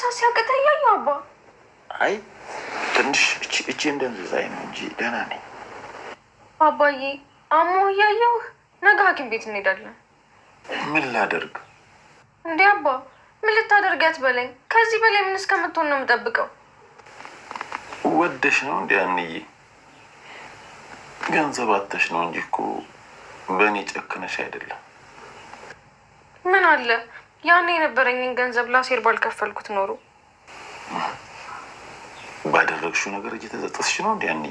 መነሳት ሲያቅተኝ ያየው አባ። አይ ትንሽ እቺ እንደንዝዛይ ነው እንጂ ደህና ነኝ። አባዬ አሞ እያየው ነገ ሐኪም ቤት እንሄዳለን። ምን ላደርግ እንዴ አባ? ምን ልታደርጋት በለኝ። ከዚህ በላይ ምን እስከምትሆን ነው የምጠብቀው? ወደሽ ነው እንዲ አንዬ፣ ገንዘብ አተሽ ነው እንጂ እኮ በእኔ ጨክነሽ አይደለም። ምን አለ ያኔ የነበረኝን ገንዘብ ላሴር ባልከፈልኩት ኖሮ ባደረግሽው ነገር እየተጸጸትሽ ነው። እንዲ ያኔ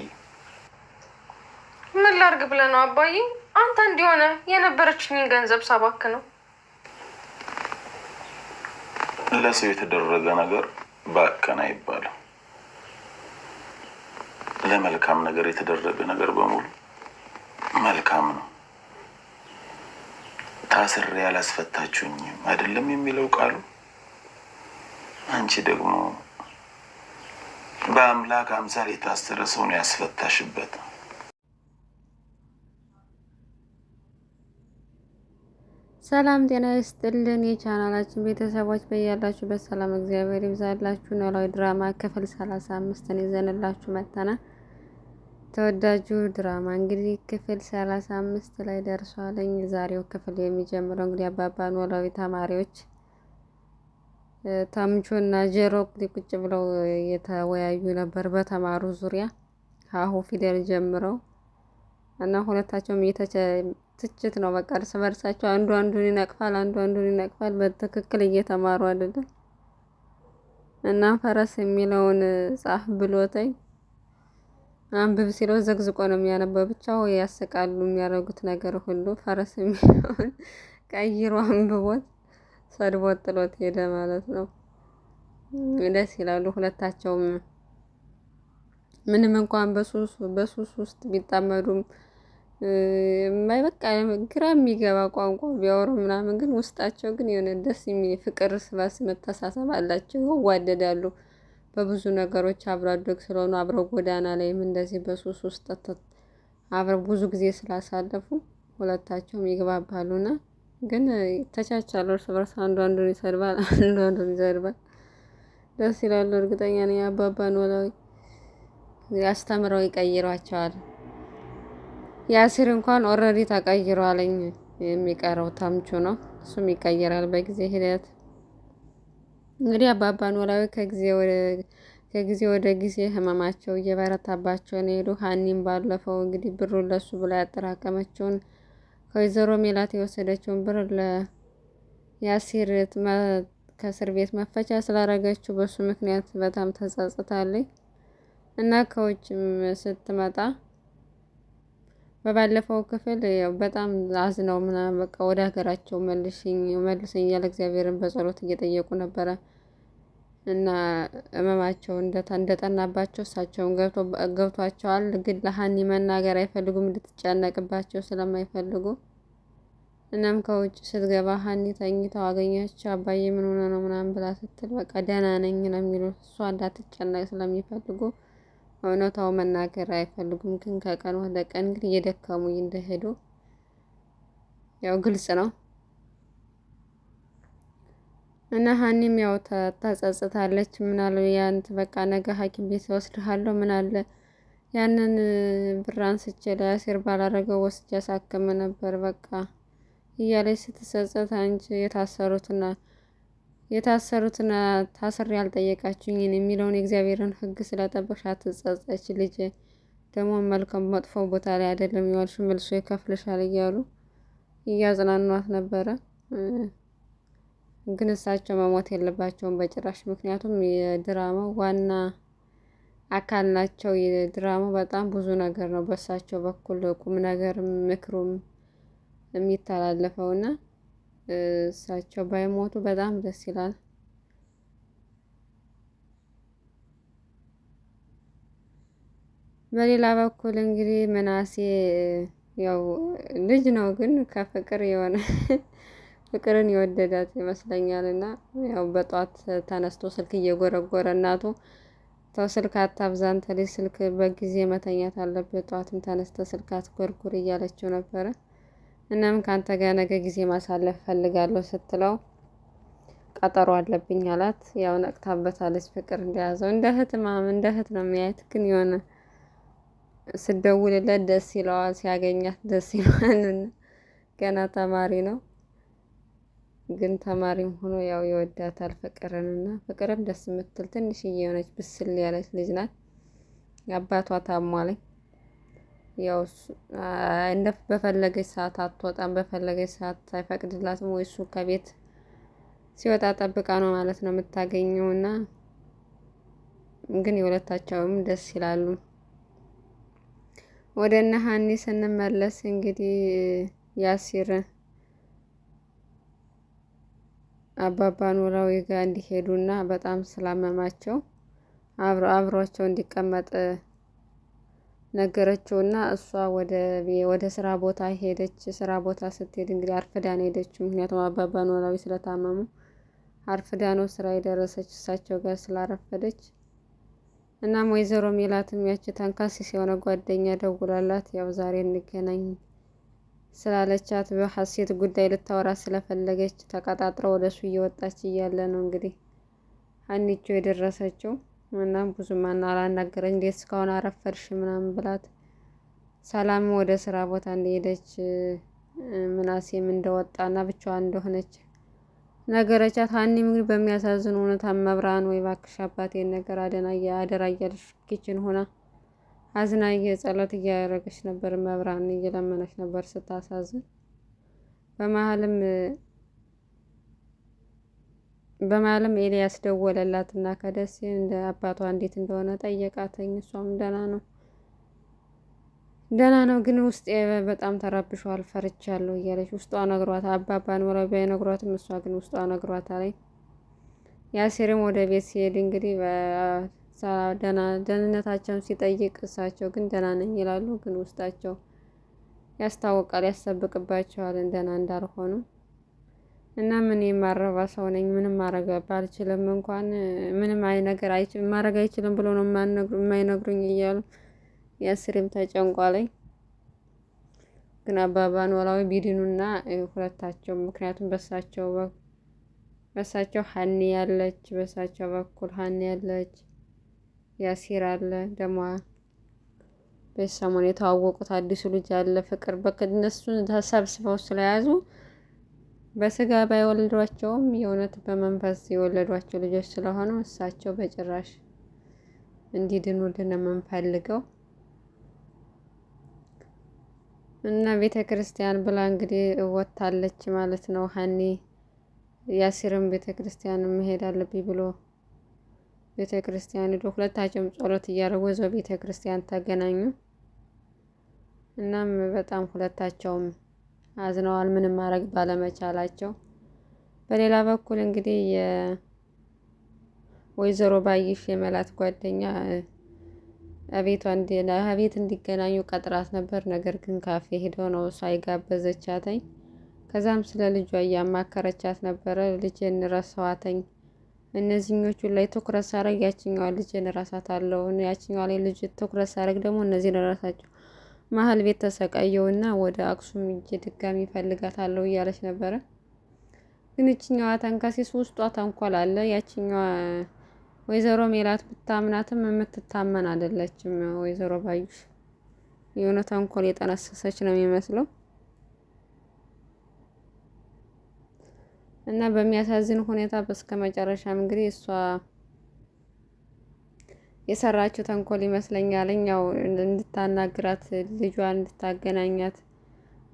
ምን ላርግ ብለህ ነው አባዬ? አንተ እንዲሆነ የነበረችኝን ገንዘብ ሳባክ ነው። ለሰው የተደረገ ነገር ባከን አይባልም። ለመልካም ነገር የተደረገ ነገር በሙሉ መልካም ነው። ታስሬ ያላስፈታችሁኝም አይደለም የሚለው ቃሉ። አንቺ ደግሞ በአምላክ አምሳል የታሰረ ሰውን ያስፈታሽበት ሰላም ጤና ይስጥልን። የቻናላችን ቤተሰቦች በያላችሁበት ሰላም እግዚአብሔር ይብዛላችሁ። ኖላዊ ድራማ ክፍል ሰላሳ አምስትን ይዘንላችሁ መጥተናል። ተወዳጁ ድራማ እንግዲህ ክፍል ሰላሳ አምስት ላይ ደርሷለኝ። ዛሬው ክፍል የሚጀምረው እንግዲህ አባባ ኖላዊ ተማሪዎች እና ጀሮ ቁጭ ብለው የተወያዩ ነበር በተማሩ ዙሪያ ሀሁ ፊደል ጀምረው እና ሁለታቸውም ትችት ነው። በቃ እርስ በርሳቸው አንዱ አንዱን ይነቅፋል፣ አንዱ አንዱን ይነቅፋል። በትክክል እየተማሩ አይደለም እና ፈረስ የሚለውን ጻፍ ብሎተኝ አንብብ ሲለው ዘግዝቆ ነው የሚያነበው። ብቻው ያሰቃሉ የሚያደርጉት ነገር ሁሉ። ፈረስ የሚሆን ቀይሮ አንብቦት ሰድቦት ጥሎት ሄደ ማለት ነው። ደስ ይላሉ ሁለታቸውም። ምንም እንኳን በሱስ በሱስ ውስጥ ቢጣመዱም በቃ ግራ የሚገባ ቋንቋ ቢያወሩ ምናምን፣ ግን ውስጣቸው ግን የሆነ ደስ የሚል ፍቅር፣ ስባስ መተሳሰብ አላቸው። ይዋደዳሉ። በብዙ ነገሮች አብሮ አደግ ስለሆኑ አብረው ጎዳና ላይም እንደዚህ በሱስ ውስጥ አብረው ብዙ ጊዜ ስላሳለፉ ሁለታቸውም ይግባባሉና ግን ተቻቻሉ። እርስ በርስ አንዱ አንዱን ይሰድባል፣ አንዱ አንዱን ይሰድባል። ደስ ይላሉ። እርግጠኛ ነኝ አባባ ኖላዊ አስተምረው ይቀይሯቸዋል። የአሲር እንኳን ኦልሬዲ ተቀይሯለኝ። የሚቀረው ተምቹ ነው። እሱም ይቀየራል በጊዜ ሂደት። እንግዲህ አባባ ኖላዊ ከጊዜ ወደ ጊዜ ህመማቸው እየበረታባቸው ነው የሄዱ። ሀኒም ባለፈው እንግዲህ ብሩን ለሱ ብላ ያጠራቀመችውን ከወይዘሮ ሜላት የወሰደችውን ብር ለያሲር ከእስር ቤት መፈቻ ስላረገችው በሱ ምክንያት በጣም ተጸጽታለች እና ከውጭም ስትመጣ በባለፈው ክፍል ያው በጣም አዝነው ምናምን በቃ ወደ ሀገራቸው መልሽኝ መልሰኝ እያለ እግዚአብሔርን በጸሎት እየጠየቁ ነበረ እና ህመማቸው እንደጠናባቸው እሳቸውን ገብቷቸዋል። ግን ለሀኒ መናገር አይፈልጉም እንድትጨነቅባቸው ስለማይፈልጉ። እናም ከውጭ ስትገባ ሀኒ ተኝተው አገኛቸው። አባዬ ምን ሆነ ነው ምናምን ብላ ስትል በቃ ደህና ነኝ ነው የሚሉት እሷ እንዳትጨነቅ ስለሚፈልጉ እውነታው መናገር አይፈልጉም። ግን ከቀን ወደ ቀን ግን እየደከሙ እንደሄዱ ያው ግልጽ ነው እና ሀኒም ያው ታጸጽታለች። ምናለ ያንት በቃ ነገ ሐኪም ቤት ወስድሃለሁ ምናለ ያንን ብራን አንስቼ ለእስር ባላረገው ወስጄ አሳክም ነበር በቃ እያለች ስትጸጸት አንቺ የታሰሩትና የታሰሩትን ታስሬ ያልጠየቃችሁኝ የሚለውን የእግዚአብሔርን ሕግ ስለጠበቅሽ አትጸጸች። ልጅ ደግሞ መልካም መጥፎ ቦታ ላይ አይደለም የዋልሽ፣ መልሶ ይከፍልሻል እያሉ እያጽናኗት ነበረ። ግን እሳቸው መሞት የለባቸውም በጭራሽ። ምክንያቱም የድራማው ዋና አካል ናቸው። የድራማው በጣም ብዙ ነገር ነው በእሳቸው በኩል ቁም ነገርም ምክሩም የሚተላለፈውና እሳቸው ባይሞቱ በጣም ደስ ይላል። በሌላ በኩል እንግዲህ ምናሴ ያው ልጅ ነው፣ ግን ከፍቅር የሆነ ፍቅርን የወደዳት ይመስለኛል። እና ያው በጧት ተነስቶ ስልክ እየጎረጎረ እናቱ ተው ስልክ አታብዛን፣ ተለይ ስልክ በጊዜ መተኛት አለበት፣ ጧትም ተነስተ ስልክ አትጎርጉር እያለችው ነበረ። እናም ከአንተ ጋር ነገ ጊዜ ማሳለፍ ፈልጋለሁ ስትለው ቀጠሮ አለብኝ አላት። ያው ነቅታበታለች። ፍቅር እንደያዘው እንደ እህት ማም እንደ እህት ነው የሚያየት። ግን የሆነ ስደውልለት ደስ ይለዋል፣ ሲያገኛት ደስ ይለዋል። ገና ተማሪ ነው፣ ግን ተማሪም ሆኖ ያው ይወዳታል ፍቅርን እና ፍቅርም ደስ የምትል ትንሽዬ የሆነች ብስል ያለች ልጅ ናት። አባቷ ታሟለኝ ያው እንደ በፈለገች ሰዓት አትወጣም፣ በፈለገች ሰዓት አይፈቅድላትም ወይ እሱ ከቤት ሲወጣ ጠብቃ ነው ማለት ነው የምታገኘው። እና ግን የሁለታቸውም ደስ ይላሉ። ወደ እነ ሀኒ ስንመለስ እንግዲህ ያሲር አባባ ኖላዊ ጋር እንዲሄዱና በጣም ስላመማቸው አብሯቸው እንዲቀመጥ ነገረችው እና እሷ ወደ ስራ ቦታ ሄደች። ስራ ቦታ ስትሄድ እንግዲህ አርፍዳን ሄደች። ምክንያቱም አባባ ኖላዊ ስለታመሙ አርፍዳኖ ስራ የደረሰች እሳቸው ጋር ስላረፈደች። እናም ወይዘሮ ሜላትም ያቺ ተንካሲ ሲሆነ ጓደኛ ደውላላት ያው ዛሬ እንገናኝ ስላለቻት በሀሴት ጉዳይ ልታወራ ስለፈለገች ተቀጣጥረው ወደሱ እየወጣች እያለ ነው እንግዲህ ሀኒቾ የደረሰችው። እናም ብዙም አላናገረኝ እንዴት እስካሁን አረፈርሽ ምናምን ብላት ሰላም ወደ ስራ ቦታ እንደሄደች ምናሴም እንደወጣ እንደወጣና ብቻዋን እንደሆነች ነገረቻት። ሀኒም ግን በሚያሳዝን እውነታ መብራን ወይ ባክሽ አባቴን ነገር አደናየ አደራ እያለች ኪችን ሆና አዝና ጸሎት እያደረገች ነበር። መብራን እየለመነች ነበር ስታሳዝን በመሀልም በማለም ኤልያስ ደወለላት እና ከደሴ እንደ አባቷ እንዴት እንደሆነ ጠየቃትኝ። እሷም ደህና ነው ደህና ነው፣ ግን ውስጤ በጣም ተረብሸዋል፣ ፈርቻለሁ እያለች ውስጧ ነግሯት አባባ ኖረው ባይነግሯትም እሷ ግን ውስጧ ነግሯት አለኝ። ያሴርም ወደ ቤት ሲሄድ እንግዲህ ደህና ደህንነታቸውን ሲጠይቅ እሳቸው ግን ደህና ነኝ ይላሉ፣ ግን ውስጣቸው ያስታውቃል፣ ያሰብቅባቸዋል ደህና እንዳልሆኑም። እና ምን የማረባ ሰው ነኝ ምንም ማድረግ ባልችልም እንኳን ምንም አይ ነገር አይችልም ማድረግ አይችልም ብሎ ነው የማይነግሩኝ እያሉ ያስሬም ተጨንቋለኝ። ግን አባባ ኖላዊ ቢድኑና ሁለታቸው ምክንያቱም በሳቸው በሳቸው ሀኒ ያለች በሳቸው በኩል ሀኒ ያለች ያሲር አለ ደግሞ በሰሞኑ የተዋወቁት አዲሱ ልጅ አለ ፍቅር በቃ እነሱን ተሰብስበው ስለያዙ በስጋ ባይወልዷቸውም የእውነት በመንፈስ የወለዷቸው ልጆች ስለሆኑ እሳቸው በጭራሽ እንዲድኑልን የምንፈልገው እና ቤተ ክርስቲያን ብላ እንግዲህ እወታለች ማለት ነው። ሀኒ ያሲርም ቤተ ክርስቲያን መሄድ አለብኝ ብሎ ቤተ ክርስቲያን ሄዶ ሁለታቸውም ጸሎት እያደረጉ እዛው ቤተ ክርስቲያን ተገናኙ። እናም በጣም ሁለታቸውም አዝነዋል፣ ምንም ማድረግ ባለመቻላቸው። በሌላ በኩል እንግዲህ የወይዘሮ ባይሽ የመላት ጓደኛ አቤቷ ቤት እንዲገናኙ ቀጥራት ነበር። ነገር ግን ካፌ ሄደው ነው እሷ የጋበዘቻተኝ። ከዛም ስለ ልጇ እያማከረቻት ነበረ። ልጄን ረሳዋተኝ፣ እነዚህኞቹ ላይ ትኩረት ሳረግ ያችኛዋ ልጄን እረሳታለሁ፣ ያችኛዋ ላይ ልጅ ትኩረት ሳረግ ደግሞ እነዚህን እረሳቸው መሀል ቤት ተሰቃየውና ወደ አክሱም እጄ ድጋሚ እፈልጋታለሁ እያለች ነበረ። ግን እችኛዋ ተንከሴስ ውስጧ ተንኮል አለ። ያችኛዋ ወይዘሮ ሜላት ብታምናትም የምትታመን አይደለችም። ወይዘሮ ባዩሽ የሆነ ተንኮል የጠነሰሰች ነው የሚመስለው እና በሚያሳዝን ሁኔታ በስከ መጨረሻም እንግዲህ እሷ የሰራችው ተንኮል ይመስለኛል። እኛው እንድታናግራት ልጇን እንድታገናኛት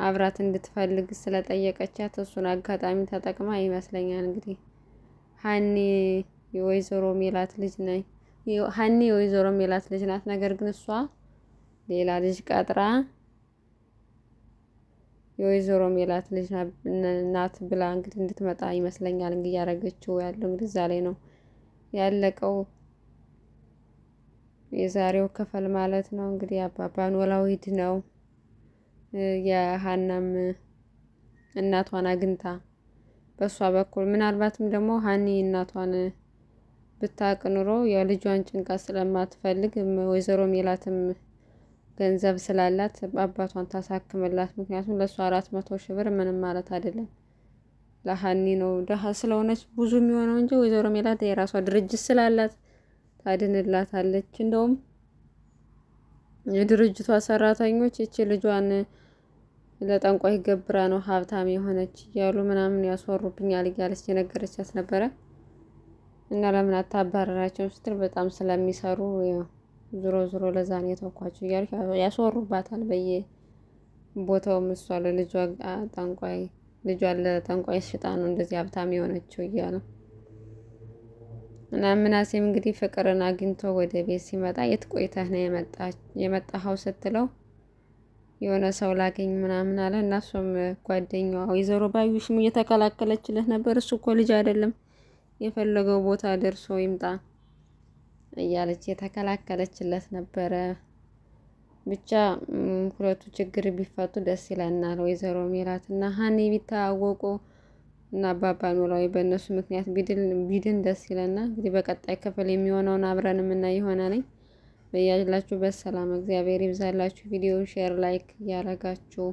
አብራት እንድትፈልግ ስለጠየቀቻት እሱን አጋጣሚ ተጠቅማ ይመስለኛል። እንግዲህ ሀኒ የወይዘሮ ሜላት ልጅ ነኝ ሀኒ የወይዘሮ ሜላት ልጅ ናት። ነገር ግን እሷ ሌላ ልጅ ቀጥራ የወይዘሮ ሜላት ልጅ ናት ብላ እንግዲህ እንድትመጣ ይመስለኛል። እንግዲህ ያደረገችው ያለው እንግዲህ እዛ ላይ ነው ያለቀው። የዛሬው ክፍል ማለት ነው። እንግዲህ አባባን ወላዊት ነው የሀናም እናቷን አግኝታ በእሷ በኩል ምናልባትም ደግሞ ሀኒ እናቷን ብታቅ ኑሮ የልጇን ጭንቀት ስለማትፈልግ ወይዘሮ ሜላትም ገንዘብ ስላላት አባቷን ታሳክምላት። ምክንያቱም ለእሱ አራት መቶ ሺህ ብር ምንም ማለት አይደለም። ለሀኒ ነው ደሀ ስለሆነች ብዙ የሚሆነው እንጂ ወይዘሮ ሜላት የራሷ ድርጅት ስላላት ታድንላታለች። እንደውም የድርጅቷ ሰራተኞች እቺ ልጇን ለጠንቋይ ገብራ ነው ሀብታም የሆነች እያሉ ምናምን ያስወሩብኛል እያለች የነገረቻት ነበረ። እና ለምን አታባረራቸው ስትል በጣም ስለሚሰሩ ዞሮ ዞሮ ለዛ ነው የተውኳቸው እያሉ ያስወሩባታል በየ በየቦታውም። እሷ ለልጇ ጠንቋይ ልጇን ለጠንቋይ ሽጣ ነው እንደዚህ ሀብታም የሆነችው እያሉ እና ምናሴም እንግዲህ ፍቅርን አግኝቶ ወደ ቤት ሲመጣ የት ቆይተህ ነው የመጣኸው ስትለው የሆነ ሰው ላገኝ ምናምን አለ። እናሱም እሷም ጓደኛዋ ወይዘሮ ባዩሽም እየተከላከለችለት ነበር። እሱ እኮ ልጅ አይደለም የፈለገው ቦታ ደርሶ ይምጣ እያለች የተከላከለችለት ነበረ። ብቻ ሁለቱ ችግር ቢፈቱ ደስ ይለናል። ወይዘሮ ሜላት እና ሀኒ ቢታወቁ እና አባባ ኖላዊ በእነሱ ምክንያት ቢድን ደስ ይለና እንግዲህ በቀጣይ ክፍል የሚሆነውን አብረን የምናይ የሆነ ነኝ በያላችሁ በሰላም እግዚአብሔር ይብዛላችሁ። ቪዲዮ ሼር፣ ላይክ እያረጋችሁ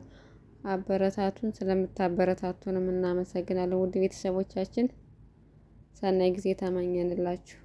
አበረታቱን። ስለምታበረታቱንም እናመሰግናለን። ውድ ቤተሰቦቻችን ሰናይ ጊዜ ተመኘንላችሁ።